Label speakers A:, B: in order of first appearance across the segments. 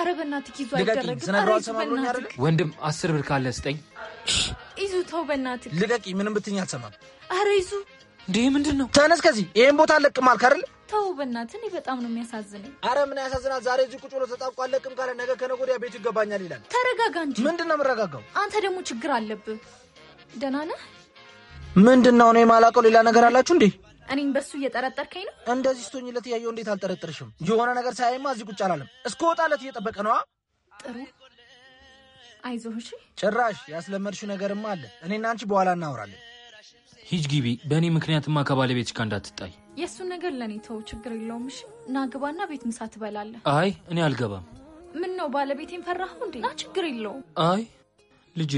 A: ኧረ በእናትህ ይዞ አይደረግም።
B: ወንድም አስር ብር ካለ ስጠኝ።
A: ይዙ ተው በእናትህ
B: ልቀቂ። ምንም ብትኛ አልሰማም። አረ ይዙ እንዴ ምንድን ነው? ተነስ ከዚህ ይህን
C: ቦታ አለቅም አልክ አይደል?
A: ተው በእናትህ እኔ በጣም ነው የሚያሳዝነኝ።
C: አረ ምን ያሳዝናል? ዛሬ እዚህ ቁጭ ብሎ ተጣብቆ አለቅም ካለ ነገ ከነገ ወዲያ ቤቱ ይገባኛል ይላል። ተረጋጋ እንጂ። ምንድን ነው የምረጋጋው? አንተ ደግሞ ችግር አለብህ። ደህና ነህ? ምንድን ነው እኔ የማላውቀው ሌላ ነገር አላችሁ እንዴ? እኔም በሱ እየጠረጠርከኝ ነው። እንደዚህ ስቶኝለት እያየው እንዴት አልጠረጠርሽም? የሆነ ነገር ሳያይማ እዚህ ቁጭ አላለም። እስከ ወጣለት እየጠበቀ ነዋ። ጥሩ አይዞሽ። ጭራሽ ያስለመድሽው ነገርማ አለ። እኔና አንቺ በኋላ እናወራለን።
B: ሂጅ ግቢ። በእኔ ምክንያትማ ከባለቤትሽ ጋር እንዳትጣይ።
A: የእሱን ነገር ለእኔ ተው፣ ችግር የለውም። እሺ ና ቤት ምሳ ትበላለህ።
B: አይ እኔ አልገባም።
A: ምን ነው ባለቤቴን ፈራኸው እንዴ? ና ችግር የለውም።
B: አይ ልጄ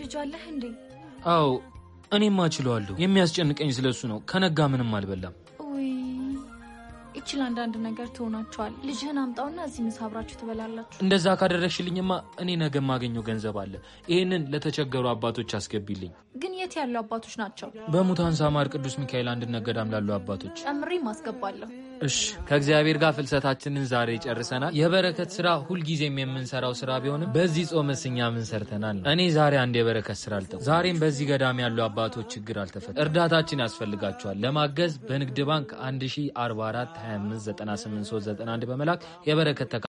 A: ልጅ አለህ እንዴ?
B: አዎ እኔም አችለዋለሁ። የሚያስጨንቀኝ ስለሱ ነው። ከነጋ ምንም አልበላም።
A: ይችል አንዳንድ ነገር ትሆናቸዋል። ልጅህን አምጣውና እዚህ ምሳ አብራችሁ ትበላላችሁ።
B: እንደዛ ካደረግሽልኝማ እኔ ነገ የማገኘው ገንዘብ አለ። ይህንን ለተቸገሩ አባቶች አስገቢልኝ።
A: ግን የት ያሉ አባቶች ናቸው?
B: በሙታን ሳማር ቅዱስ ሚካኤል አንድነት ገዳም ላሉ አባቶች
A: ጨምሬ ማስገባለሁ።
B: እሺ ከእግዚአብሔር ጋር ፍልሰታችንን ዛሬ ጨርሰናል። የበረከት ስራ ሁልጊዜም የምንሰራው ስራ ቢሆንም በዚህ ጾመስ እኛ ምን ሰርተናል? እኔ ዛሬ አንድ የበረከት ስራ አልተው። ዛሬም በዚህ ገዳም ያሉ አባቶች ችግር አልተፈታ። እርዳታችን ያስፈልጋቸዋል። ለማገዝ በንግድ ባንክ 1442598391 በመላክ የበረከት